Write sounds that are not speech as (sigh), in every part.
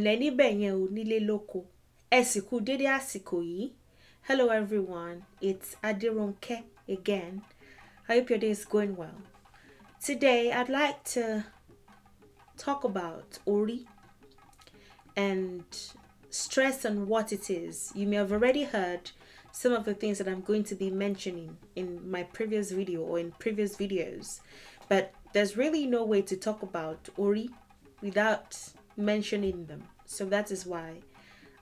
ǹlẹ́ níbẹ̀ yẹn o nílé lóko ẹ sì kú dédé àsìkò yìí hello everyone it's Adironke again I hope your day is going well today I'd like to talk about ori and stress on what it is. You may have already heard some of the things that I'm going to be mentioning in my previous video or in previous videos, but there's really no way to talk about Ori without mentioning them. So that is why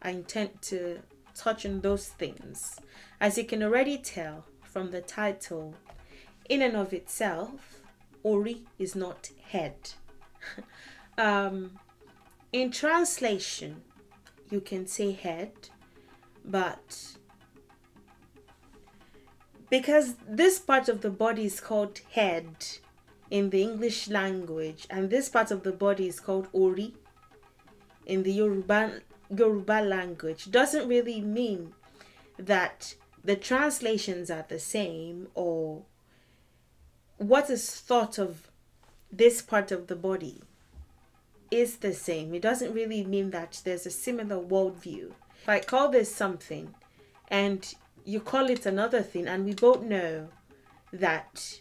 I intend to touch on those things. As you can already tell from the title, in and of itself, Ori is not head. (laughs) um, in translation, you can say head, but because this part of the body is called head in the English language, and this part of the body is called Ori in the Yoruba, Yoruba language doesn't really mean that the translations are the same or what is thought of this part of the body is the same. It doesn't really mean that there's a similar worldview. If I call this something and you call it another thing, and we both know that,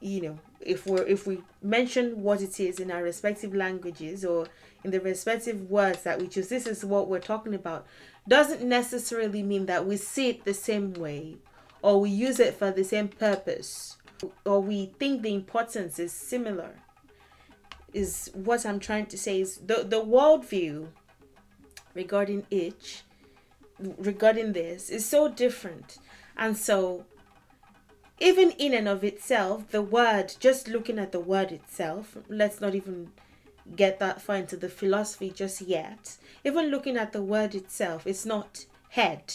you know, if we're if we mention what it is in our respective languages or in the respective words that we choose. This is what we're talking about. Doesn't necessarily mean that we see it the same way or we use it for the same purpose or we think the importance is similar is what i'm trying to say is the, the worldview regarding each regarding this is so different and so even in and of itself the word just looking at the word itself let's not even get that far into the philosophy just yet. Even looking at the word itself, it's not head.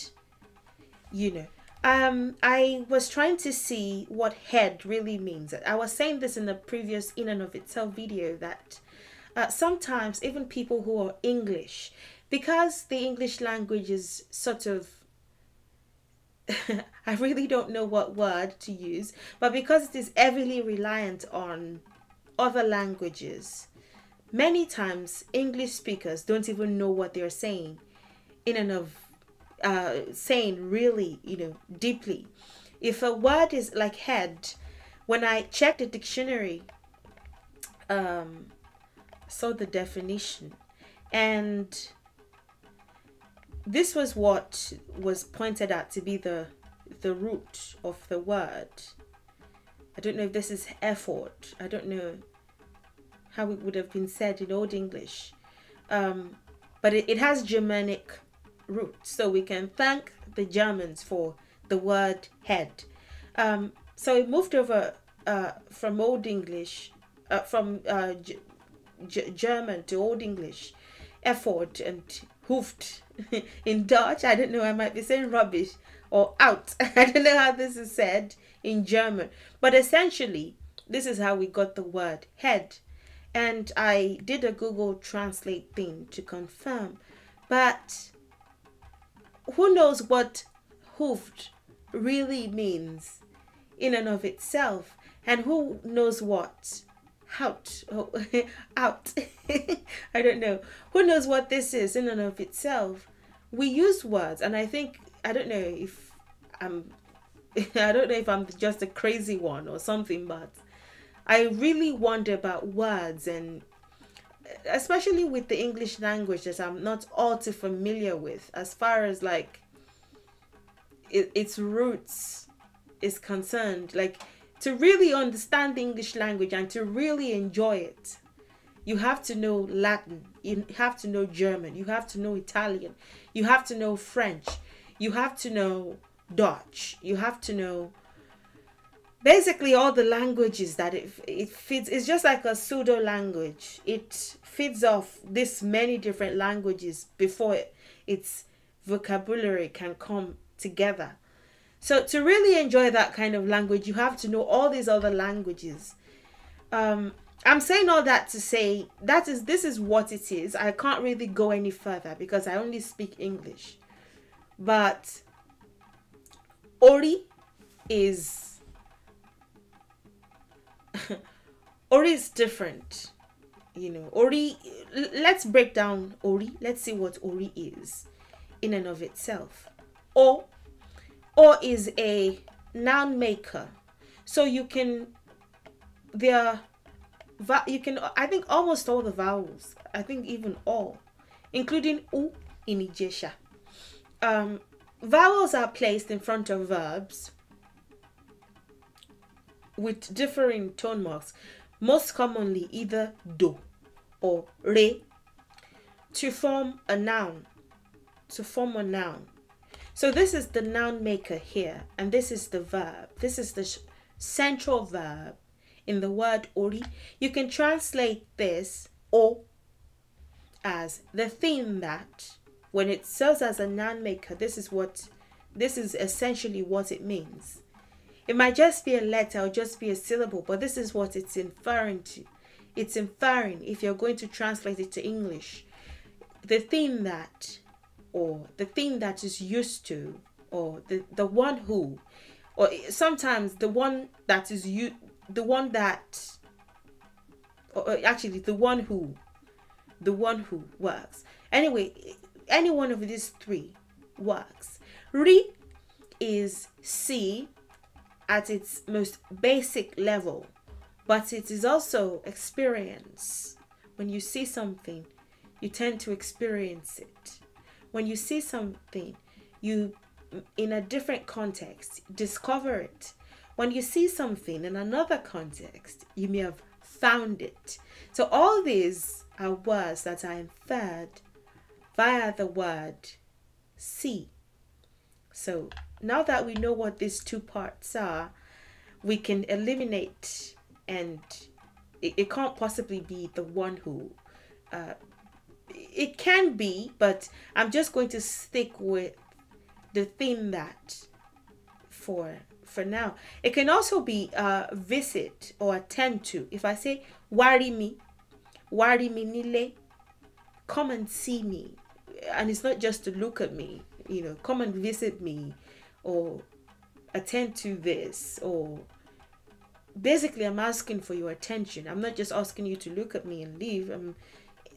You know, um, I was trying to see what head really means. I was saying this in the previous in and of itself video that uh, sometimes even people who are English, because the English language is sort of (laughs) I really don't know what word to use, but because it is heavily reliant on other languages, Many times, English speakers don't even know what they're saying, in and of uh, saying really, you know, deeply. If a word is like head, when I checked the dictionary, um, saw the definition, and this was what was pointed out to be the the root of the word. I don't know if this is effort. I don't know how it would have been said in Old English. Um, but it, it has Germanic roots, so we can thank the Germans for the word head. Um, so it moved over uh, from Old English, uh, from uh, German to Old English, effort and hoofed (laughs) in Dutch. I don't know, I might be saying rubbish or out. (laughs) I don't know how this is said in German, but essentially, this is how we got the word head and I did a Google Translate thing to confirm. But who knows what hoofed really means in and of itself, and who knows what out oh, (laughs) out (laughs) I don't know who knows what this is in and of itself. We use words, and I think I don't know if I'm (laughs) I don't know if I'm just a crazy one or something, but I really wonder about words and especially with the English language that I'm not all too familiar with as far as like it, its roots is concerned like to really understand the English language and to really enjoy it you have to know Latin you have to know German you have to know Italian you have to know French you have to know Dutch you have to know basically all the languages that it, it feeds it's just like a pseudo language it feeds off this many different languages before it, its vocabulary can come together so to really enjoy that kind of language you have to know all these other languages um, i'm saying all that to say that is this is what it is i can't really go any further because i only speak english but ori is Ori is different. You know, Ori, let's break down Ori. Let's see what Ori is in and of itself. Or, or is a noun maker. So you can, there, you can, I think almost all the vowels, I think even all, including U in Ijesha. Um, vowels are placed in front of verbs with differing tone marks most commonly either do or re, to form a noun. To form a noun. So this is the noun maker here, and this is the verb. This is the central verb in the word ori. You can translate this or as the thing that when it serves as a noun maker this is what this is essentially what it means it might just be a letter or just be a syllable, but this is what it's inferring to. It's inferring if you're going to translate it to English. The thing that, or the thing that is used to, or the, the one who, or sometimes the one that is you, the one that, or actually the one who, the one who works. Anyway, any one of these three works. Re is see at its most basic level, but it is also experience. When you see something, you tend to experience it. When you see something, you, in a different context, discover it. When you see something in another context, you may have found it. So, all these are words that are inferred via the word see. So, now that we know what these two parts are, we can eliminate and it, it can't possibly be the one who uh, it can be, but I'm just going to stick with the thing that for for now. It can also be uh, visit or attend to. If I say worry me, worry me nile, come and see me, and it's not just to look at me. You know, come and visit me or attend to this or basically i'm asking for your attention i'm not just asking you to look at me and leave um,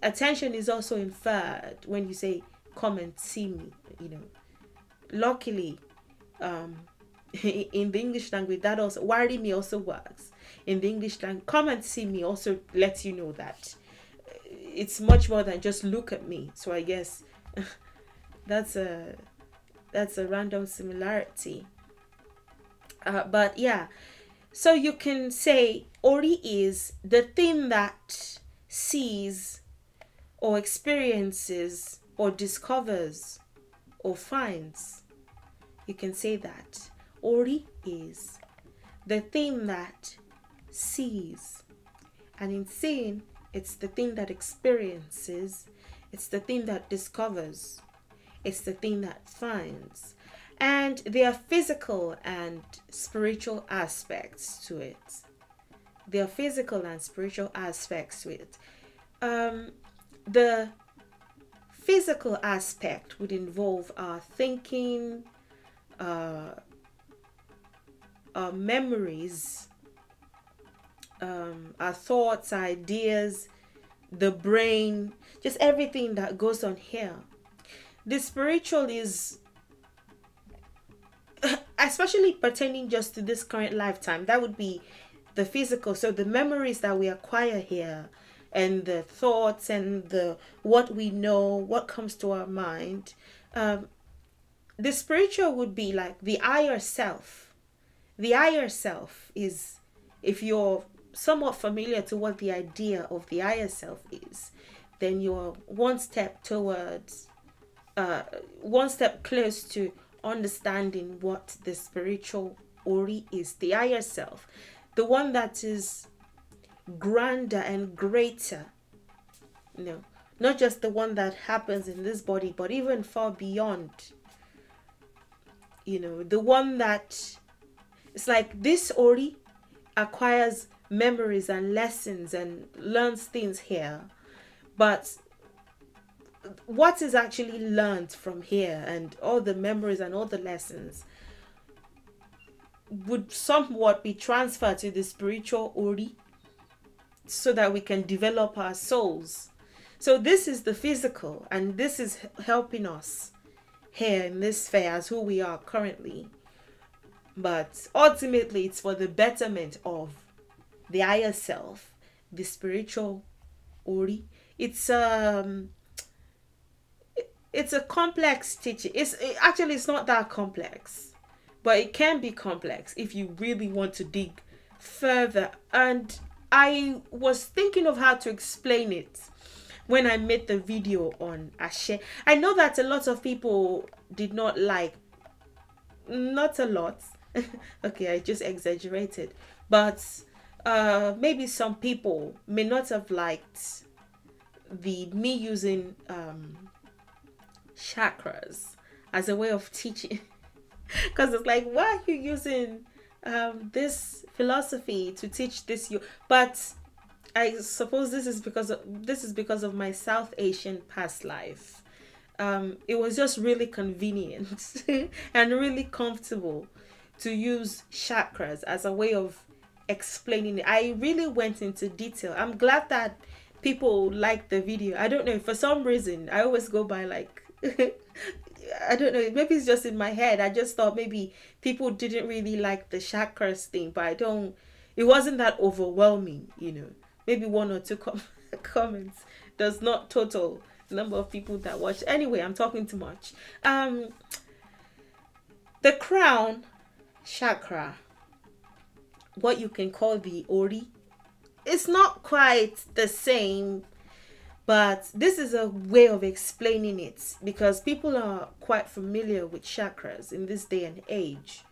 attention is also inferred when you say come and see me you know luckily um, (laughs) in the english language that also worry me also works in the english language come and see me also lets you know that it's much more than just look at me so i guess (laughs) that's a that's a random similarity uh, but yeah so you can say ori is the thing that sees or experiences or discovers or finds you can say that ori is the thing that sees and in seeing it's the thing that experiences it's the thing that discovers it's the thing that finds. And there are physical and spiritual aspects to it. There are physical and spiritual aspects to it. Um, the physical aspect would involve our thinking, uh, our memories, um, our thoughts, ideas, the brain, just everything that goes on here the spiritual is (laughs) especially pertaining just to this current lifetime that would be the physical so the memories that we acquire here and the thoughts and the what we know what comes to our mind um, the spiritual would be like the higher self the higher self is if you're somewhat familiar to what the idea of the higher self is then you're one step towards uh, one step close to understanding what the spiritual Ori is, the higher self, the one that is grander and greater. You know, not just the one that happens in this body, but even far beyond. You know, the one that it's like this Ori acquires memories and lessons and learns things here, but what is actually learned from here and all the memories and all the lessons would somewhat be transferred to the spiritual ori so that we can develop our souls. So this is the physical and this is helping us here in this sphere as who we are currently. But ultimately it's for the betterment of the higher self, the spiritual ori. It's um it's a complex teaching. It's it, actually it's not that complex, but it can be complex if you really want to dig further. And I was thinking of how to explain it when I made the video on Ashe. I know that a lot of people did not like, not a lot. (laughs) okay, I just exaggerated, but uh, maybe some people may not have liked the me using um, chakras as a way of teaching. Because (laughs) it's like, why are you using um, this philosophy to teach this? You, but I suppose this is because of, this is because of my South Asian past life. Um, it was just really convenient (laughs) and really comfortable to use chakras as a way of explaining it. I really went into detail. I'm glad that people liked the video. I don't know for some reason I always go by like (laughs) I don't know. Maybe it's just in my head. I just thought maybe people didn't really like the chakras thing, but I don't. It wasn't that overwhelming, you know. Maybe one or two (laughs) com- comments does not total number of people that watch. Anyway, I'm talking too much. Um, the crown chakra, what you can call the ori, it's not quite the same but this is a way of explaining it because people are quite familiar with chakras in this day and age.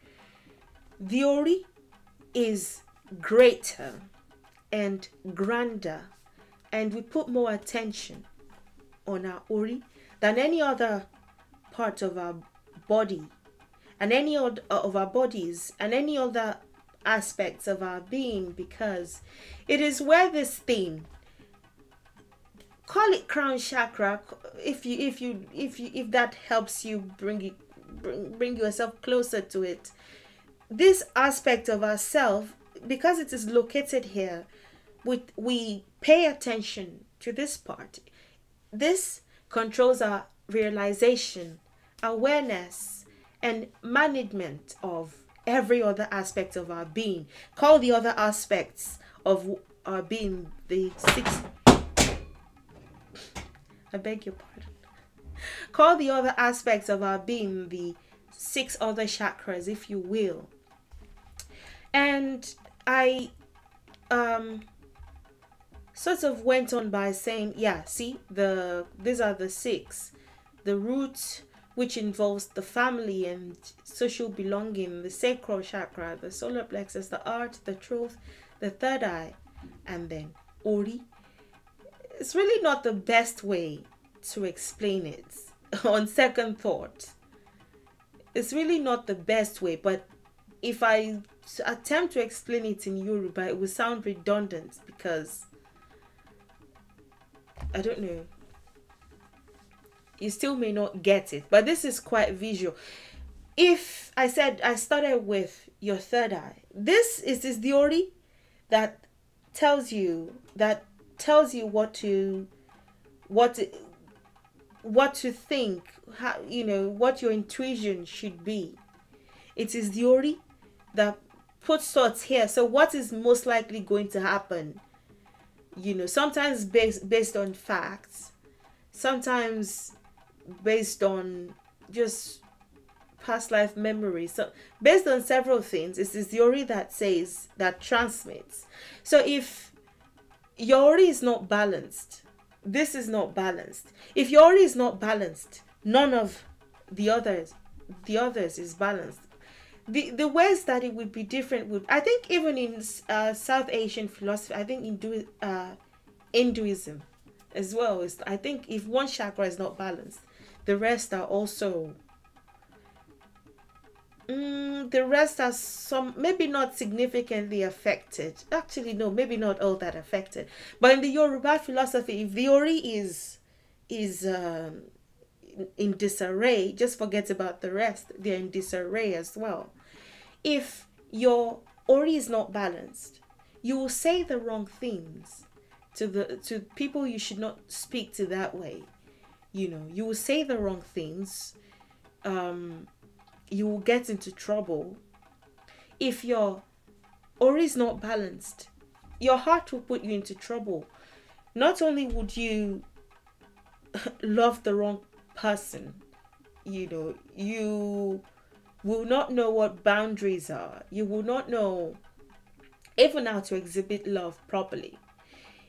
The ori is greater and grander, and we put more attention on our ori than any other part of our body and any of, uh, of our bodies and any other aspects of our being because it is where this thing call it crown chakra if you if you if you if that helps you bring it bring, bring yourself closer to it this aspect of ourself because it is located here we we pay attention to this part this controls our realization awareness and management of every other aspect of our being call the other aspects of our being the six I beg your pardon. Call the other aspects of our being the six other chakras, if you will. And I um sort of went on by saying, yeah, see, the these are the six. The root, which involves the family and social belonging, the sacral chakra, the solar plexus, the art, the truth, the third eye, and then Ori it's really not the best way to explain it (laughs) on second thought. It's really not the best way, but if I attempt to explain it in Yoruba, it will sound redundant because I don't know. You still may not get it, but this is quite visual. If I said I started with your third eye, this is this theory that tells you that tells you what to what to, what to think how you know what your intuition should be it is the ori that puts thoughts here so what is most likely going to happen you know sometimes based based on facts sometimes based on just past life memories. So based on several things, it's the theory that says that transmits. So if Yori is not balanced. This is not balanced. If Yori is not balanced, none of the others the others is balanced. The the ways that it would be different would I think even in uh, South Asian philosophy, I think Hindu uh, Hinduism as well is I think if one chakra is not balanced, the rest are also Mm, the rest are some, maybe not significantly affected. Actually, no, maybe not all that affected. But in the Yoruba philosophy, if the ori is is um, in disarray, just forget about the rest. They're in disarray as well. If your ori is not balanced, you will say the wrong things to the to people you should not speak to that way. You know, you will say the wrong things. Um, you will get into trouble. If your aura is not balanced, your heart will put you into trouble. Not only would you (laughs) love the wrong person, you know, you will not know what boundaries are. You will not know even how to exhibit love properly.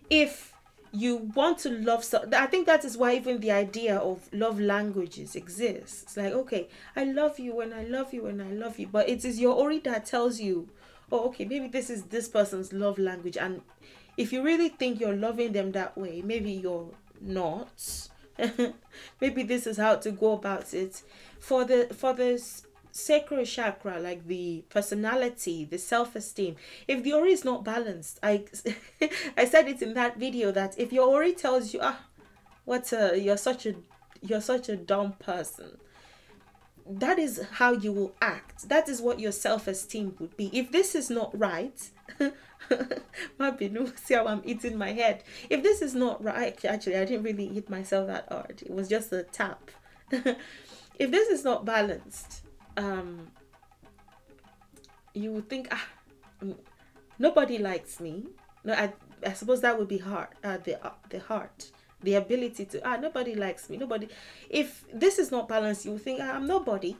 If you want to love so i think that is why even the idea of love languages exists it's like okay i love you and i love you and i love you but it is your ori that tells you oh okay maybe this is this person's love language and if you really think you're loving them that way maybe you're not (laughs) maybe this is how to go about it for the for this sacral chakra, like the personality, the self-esteem, if the ori is not balanced, I, (laughs) I said it in that video that if your ori tells you, ah, what a, you're such a, you're such a dumb person, that is how you will act. That is what your self-esteem would be. If this is not right, (laughs) (laughs) see how I'm eating my head. If this is not right, actually, I didn't really eat myself that hard. It was just a tap. if this is not balanced, um, you would think, ah, mm, nobody likes me. No, I, I suppose that would be hard. Uh, the uh, the heart, the ability to ah, nobody likes me. Nobody. If this is not balanced, you would think ah, I'm nobody.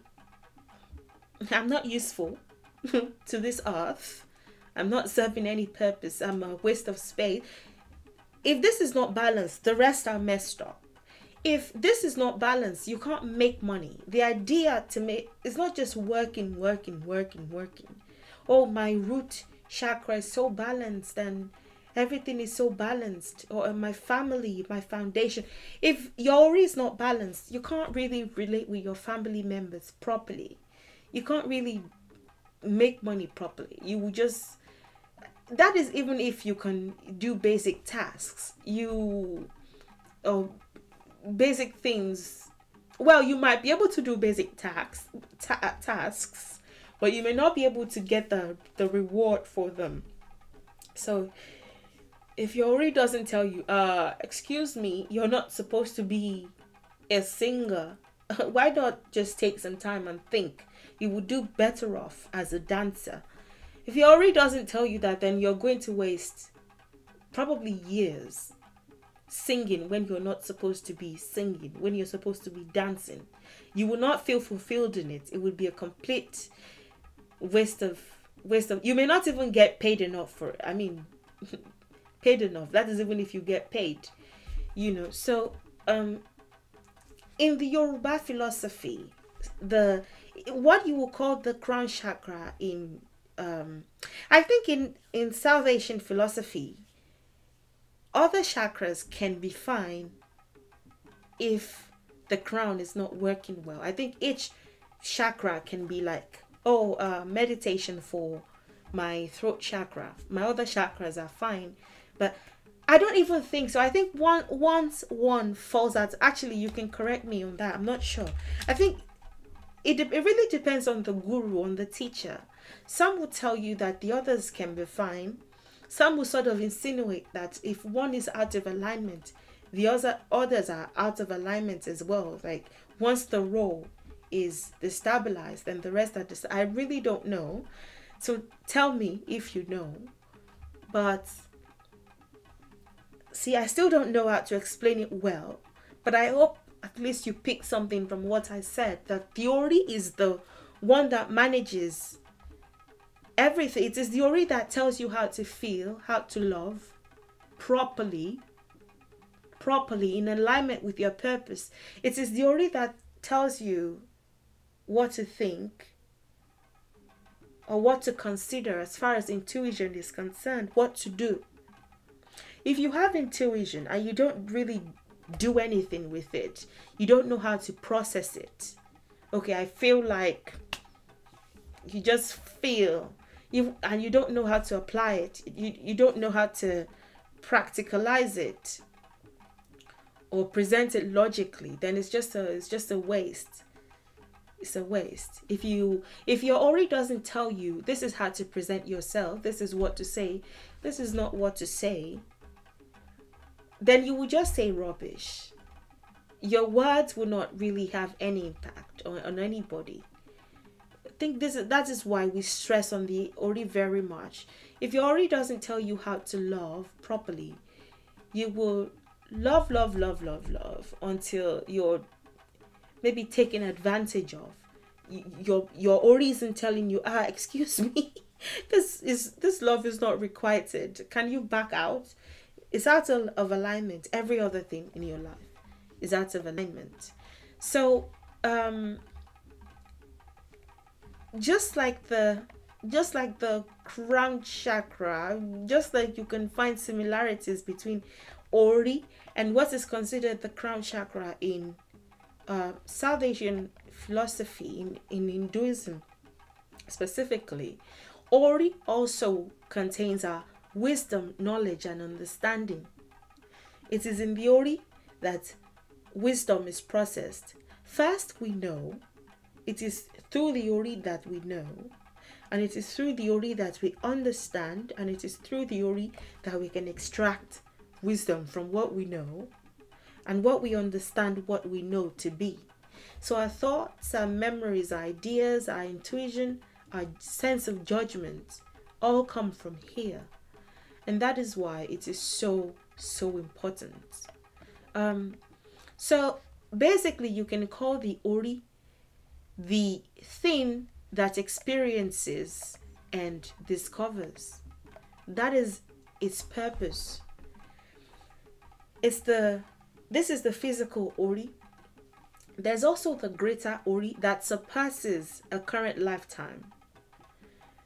I'm not useful (laughs) to this earth. I'm not serving any purpose. I'm a waste of space. If this is not balanced, the rest are messed up if this is not balanced, you can't make money. The idea to make it's not just working, working, working, working. Oh, my root chakra is so balanced and everything is so balanced or uh, my family my foundation if your is not balanced you can't really relate with your family members properly you can't really make money properly you will just that is even if you can do basic tasks you or basic things well you might be able to do basic tax, ta- tasks but you may not be able to get the, the reward for them so if Yori doesn't tell you uh excuse me you're not supposed to be a singer (laughs) why not just take some time and think you would do better off as a dancer if Yori doesn't tell you that then you're going to waste probably years singing when you're not supposed to be singing, when you're supposed to be dancing. You will not feel fulfilled in it. It would be a complete waste of waste of you may not even get paid enough for it. I mean (laughs) paid enough. That is even if you get paid. You know, so um in the Yoruba philosophy, the what you will call the crown chakra in um I think in in salvation philosophy other chakras can be fine if the crown is not working well. I think each chakra can be like, oh, uh, meditation for my throat chakra. My other chakras are fine, but I don't even think so. I think one once one falls out. Actually, you can correct me on that. I'm not sure. I think it it really depends on the guru, on the teacher. Some will tell you that the others can be fine, some will sort of insinuate that if one is out of alignment, the other others are out of alignment as well. Like once the role is destabilized, then the rest are just. I really don't know. So tell me if you know. But see, I still don't know how to explain it well. But I hope at least you pick something from what I said. That theory is the one that manages everything. It is the ori that tells you how to feel, how to love properly, properly in alignment with your purpose. It is the ori that tells you what to think or what to consider as far as intuition is concerned, what to do. If you have intuition and you don't really do anything with it, you don't know how to process it. Okay, I feel like you just feel you and you don't know how to apply it you, you don't know how to practicalize it or present it logically then it's just a it's just a waste it's a waste if you if your ori doesn't tell you this is how to present yourself this is what to say this is not what to say then you will just say rubbish your words will not really have any impact on, on anybody think this is that is why we stress on the ori very much. If your ori doesn't tell you how to love properly, you will love, love, love, love, love until you're maybe taken advantage of. Your your ori isn't telling you, ah, (laughs) excuse me, this is this love is not requited. Can you back out? It's out of, of alignment. Every other thing in your life is out of alignment. So um just like the just like the crown chakra, just like you can find similarities between Ori and what is considered the crown chakra in uh, South Asian philosophy, in, in Hinduism specifically, Ori also contains our wisdom, knowledge, and understanding. It is in the Ori that wisdom is processed. First, we know it is through the Ori that we know, and it is through the Ori that we understand, and it is through the Ori that we can extract wisdom from what we know and what we understand what we know to be. So our thoughts, our memories, our ideas, our intuition, our sense of judgment all come from here. And that is why it is so, so important. Um, so basically, you can call the Ori the thing that experiences and discovers. That is its purpose. It's the this is the physical Ori. There's also the greater Ori that surpasses a current lifetime.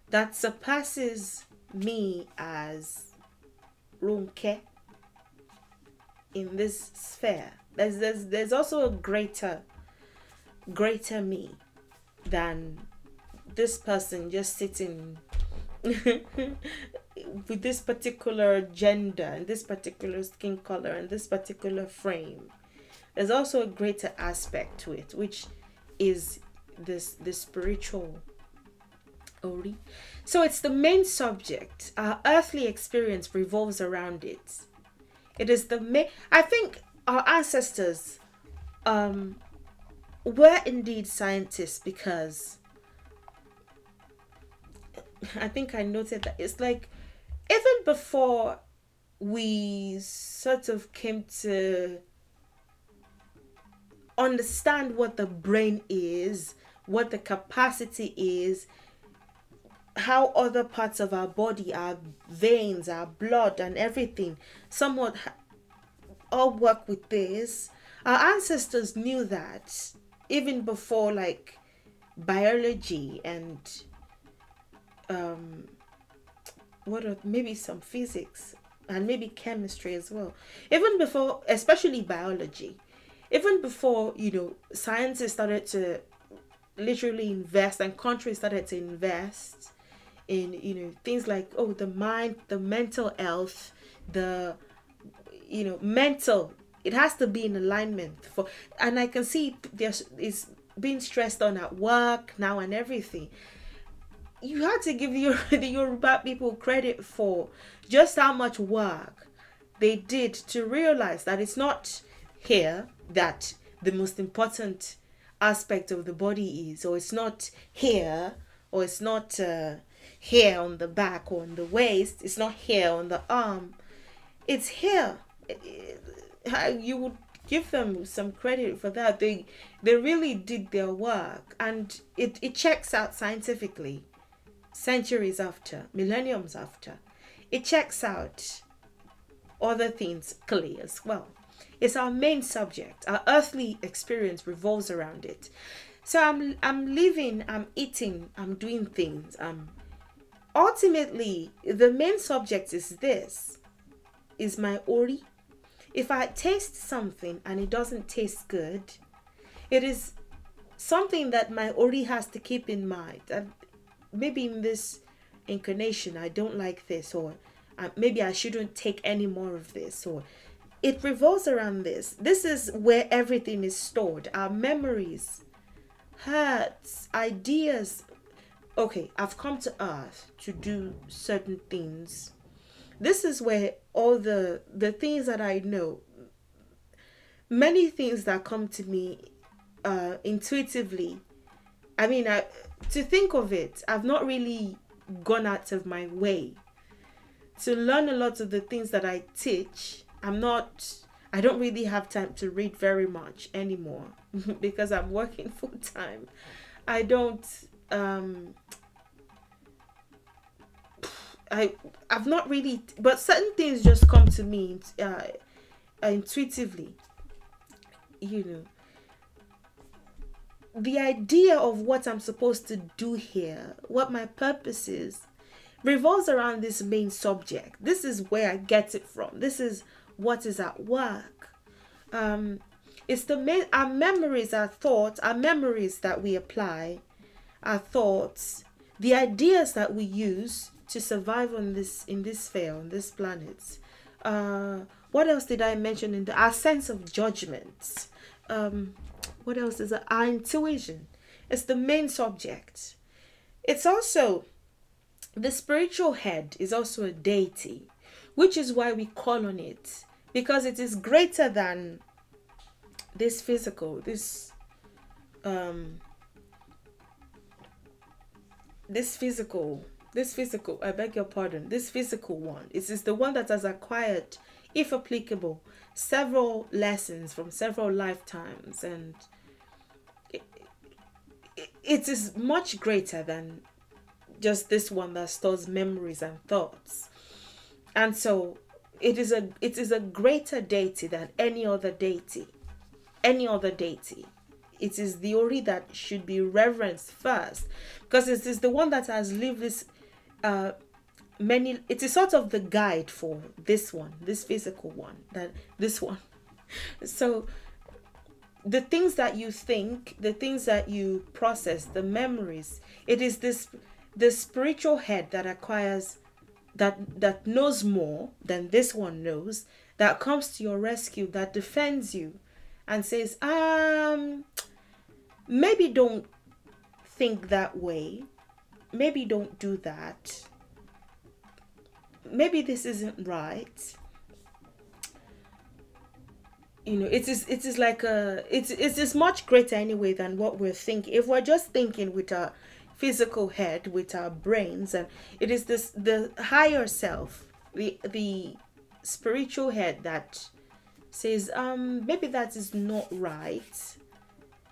That surpasses me as Runke in this sphere. There's, there's, there's also a greater greater me than this person just sitting (laughs) with this particular gender and this particular skin color and this particular frame there's also a greater aspect to it which is this the spiritual ori so it's the main subject our earthly experience revolves around it it is the main i think our ancestors um were indeed scientists because I think I noted that it's like even before we sort of came to understand what the brain is, what the capacity is, how other parts of our body, our veins, our blood, and everything somewhat all work with this. Our ancestors knew that even before like biology and um, what are, maybe some physics and maybe chemistry as well. Even before, especially biology, even before you know scientists started to literally invest and countries started to invest in you know things like oh the mind, the mental health, the you know mental it has to be in alignment for and i can see there's is being stressed on at work now and everything you had to give your (laughs) the Yoruba people credit for just how much work they did to realize that it's not here that the most important aspect of the body is, or it's not here, or it's not uh, here on the back or on the waist, it's not here on the arm, it's here. It, it, you would give them some credit for that. They they really did their work and it, it checks out scientifically centuries after, millenniums after. It checks out other things clearly as well. It's our main subject. Our earthly experience revolves around it. So I'm I'm living, I'm eating, I'm doing things. I'm um, ultimately the main subject is this is my ori if I taste something and it doesn't taste good, it is something that my Ori has to keep in mind. maybe in this incarnation, I don't like this, or uh, maybe I shouldn't take any more of this, or it revolves around this. This is where everything is stored our memories, hurts, ideas. Okay, I've come to earth to do certain things. This is where all the the things that I know, many things that come to me uh, intuitively. I mean, I, to think of it, I've not really gone out of my way to learn a lot of the things that I teach. I'm not. I don't really have time to read very much anymore (laughs) because I'm working (laughs) full time. I don't. Um, I I've not really, but certain things just come to me uh, intuitively. You know, the idea of what I'm supposed to do here, what my purpose is, revolves around this main subject. This is where I get it from. This is what is at work. Um, it's the main our memories, our thoughts, our memories that we apply, our thoughts, the ideas that we use to survive on this in this sphere on this planet uh, what else did i mention in the, our sense of judgment um, what else is it? our intuition it's the main subject it's also the spiritual head is also a deity which is why we call on it because it is greater than this physical this um this physical this physical, I beg your pardon, this physical one, it is the one that has acquired, if applicable, several lessons from several lifetimes and it, it, it is much greater than just this one that stores memories and thoughts. And so it is a it is a greater deity than any other deity. Any other deity. It is the Ori that should be reverenced first because it is the one that has lived this uh, many it is sort of the guide for this one this physical one that this one (laughs) so the things that you think the things that you process the memories it is this the spiritual head that acquires that that knows more than this one knows that comes to your rescue that defends you and says um maybe don't think that way maybe don't do that. Maybe this isn't right. You know, it is it is like a it's it is much greater anyway than what we're thinking. If we're just thinking with our physical head, with our brains, and it is this the higher self, the the spiritual head that says, um, maybe that is not right.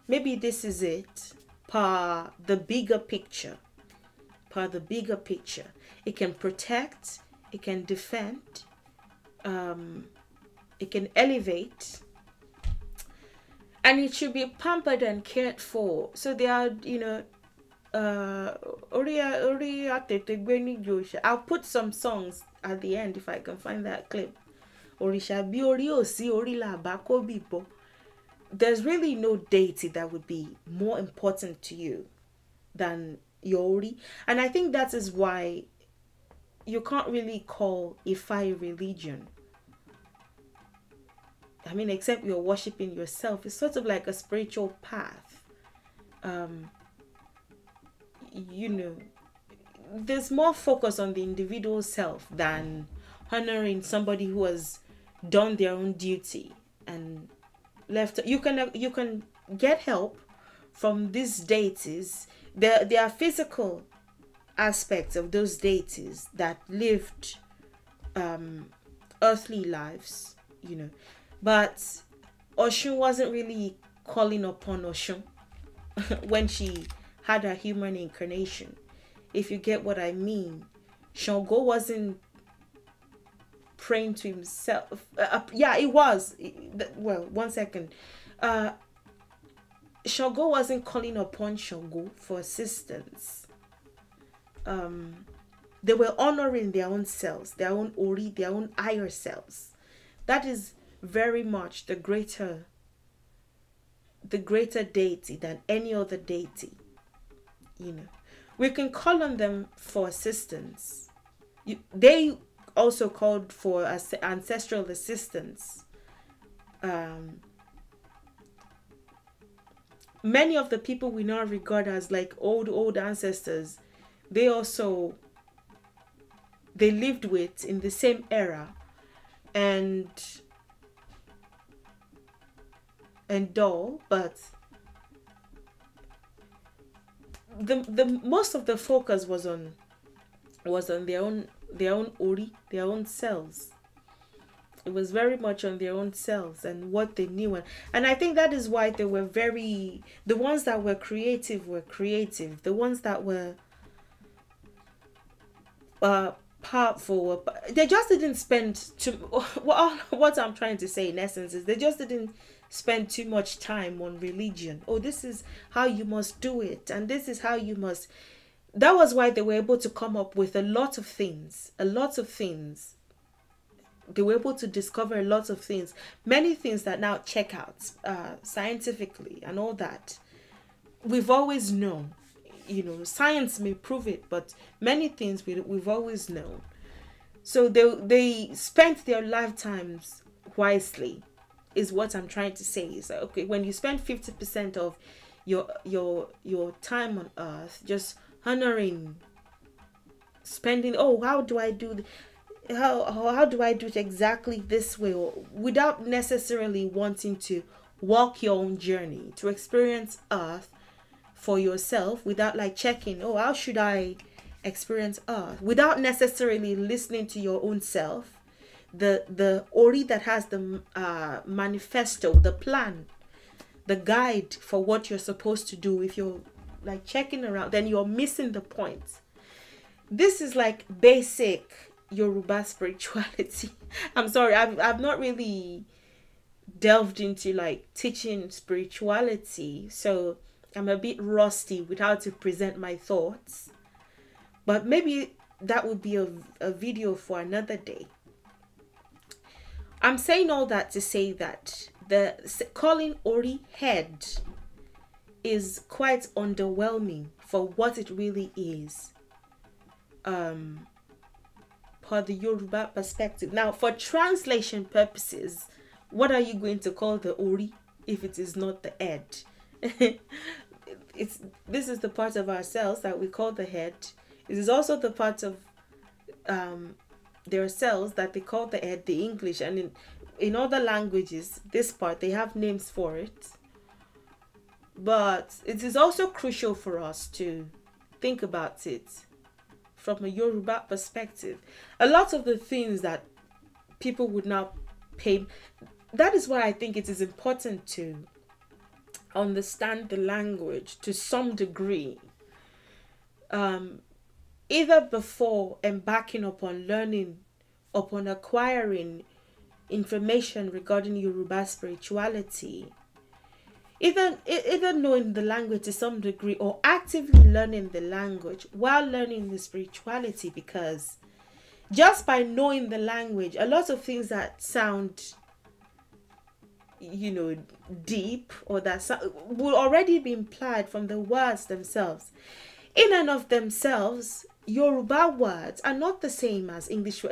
Maybe this is it. Pa, the bigger picture part of the bigger picture. It can protect, it can defend, um, it can elevate, and it should be pampered and cared for. So they are, you know, uh, I'll put some songs at the end if I can find that clip. bi bako There's really no deity that would be more important to you than Yori. And I think that is why you can't really call Ifi religion. I mean, except you're worshiping yourself. It's sort of like a spiritual path. Um, you know, there's more focus on the individual self than honoring somebody who has done their own duty and left. You can you can get help from these deities there, there are physical aspects of those deities that lived um, earthly lives, you know. But Oshun wasn't really calling upon Oshun (laughs) when she had her human incarnation. If you get what I mean, Shango wasn't praying to himself. Uh, uh yeah, it was. Well, one second. Uh, Shogo wasn't calling upon Shogo for assistance. Um, they were honoring their own selves, their own Ori, their own higher selves. That is very much the greater the greater deity than any other deity. You know, we can call on them for assistance. You, they also called for ancestral assistance. Um, many of the people we now regard as like old old ancestors they also they lived with in the same era and and dull but the the most of the focus was on was on their own their own ori their own selves it was very much on their own selves and what they knew and, and i think that is why they were very the ones that were creative were creative the ones that were uh powerful they just didn't spend too (laughs) well (laughs) what i'm trying to say in essence is they just didn't spend too much time on religion oh this is how you must do it and this is how you must that was why they were able to come up with a lot of things a lot of things they were able to discover lots of things, many things that now check out uh, scientifically and all that. We've always known, you know, science may prove it, but many things we, we've always known. So they, they spent their lifetimes wisely, is what I'm trying to say. Is so, okay when you spend 50% of your your your time on earth just honoring spending oh how do i do how how do I do it exactly this way without necessarily wanting to walk your own journey to experience earth for yourself without like checking oh how should I experience earth without necessarily listening to your own self the the ori that has the uh, manifesto the plan the guide for what you're supposed to do if you're like checking around then you're missing the point this is like basic Yoruba spirituality. (laughs) I'm sorry, I've, I've not really delved into like teaching spirituality, so I'm a bit rusty with how to present my thoughts. But maybe that would be a, a video for another day. I'm saying all that to say that the calling Ori head is quite underwhelming for what it really is. Um, the Yoruba perspective. Now, for translation purposes, what are you going to call the ori if it is not the head? (laughs) it's this is the part of ourselves that we call the head. It is also the part of um, their cells that they call the head, the English, and in in other languages, this part they have names for it. But it is also crucial for us to think about it from a Yoruba perspective. A lot of the things that people would now pay, that is why I think it is important to understand the language to some degree. Um, either before embarking upon learning, upon acquiring information regarding Yoruba spirituality, Either, either knowing the language to some degree or actively learning the language while learning the spirituality because just by knowing the language a lot of things that sound you know deep or that so- will already be implied from the words themselves in and of themselves yoruba words are not the same as english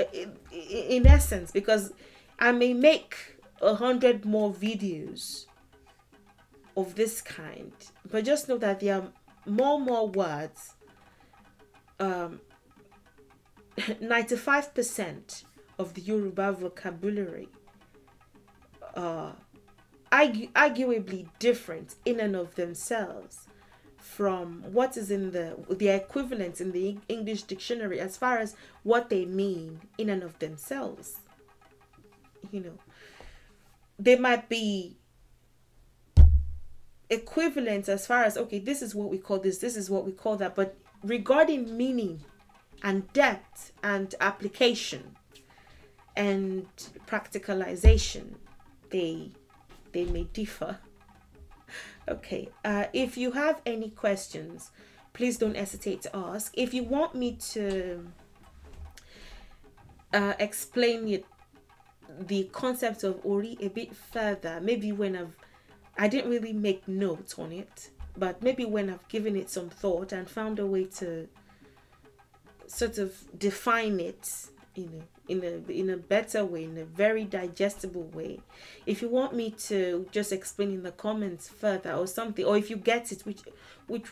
in essence because i may make a hundred more videos of this kind. But just know that there are more more words. Um, 95% (laughs) of the Yoruba vocabulary are uh, argu arguably different in and of themselves from what is in the the equivalent in the English dictionary as far as what they mean in and of themselves. You know, they might be equivalent as far as okay this is what we call this this is what we call that but regarding meaning and depth and application and practicalization they they may differ (laughs) okay uh, if you have any questions please don't hesitate to ask if you want me to uh, explain it, the concept of ori a bit further maybe when i've I didn't really make notes on it, but maybe when I've given it some thought and found a way to sort of define it, you know, in a in a better way, in a very digestible way. If you want me to just explain in the comments further or something, or if you get it, which which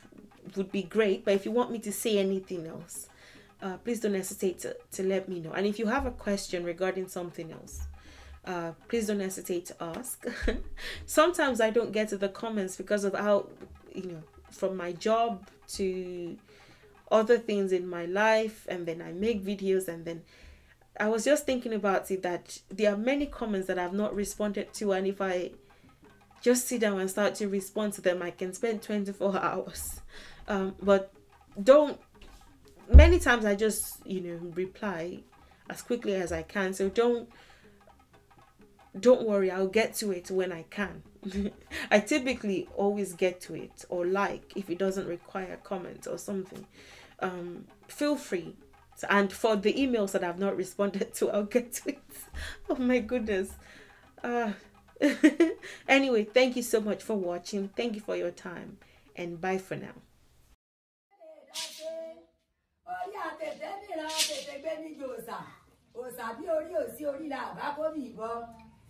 would be great, but if you want me to say anything else, uh, please don't hesitate to, to let me know. And if you have a question regarding something else, uh, please don't hesitate to ask. (laughs) Sometimes I don't get to the comments because of how, you know, from my job to other things in my life, and then I make videos, and then I was just thinking about it that there are many comments that I've not responded to, and if I just sit down and start to respond to them, I can spend 24 (laughs) hours. Um, but don't, many times I just, you know, reply as quickly as I can. So don't don't worry i'll get to it when i can (laughs) i typically always get to it or like if it doesn't require comments or something um feel free and for the emails that i've not (laughs) responded to i'll get to it (laughs) oh my goodness uh anyway thank you so much for watching thank you for your time and bye for now oh,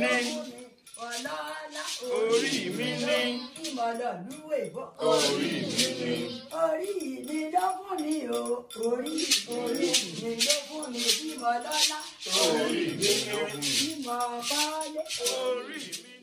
ní. Orí mi ní. Orí mi ní. Orí mi ló fún mi o. Orí orí mi ló fún mi bí mo lọ́lá. Orí mi ló fún mi. Bí mo bá lé. Orí mi.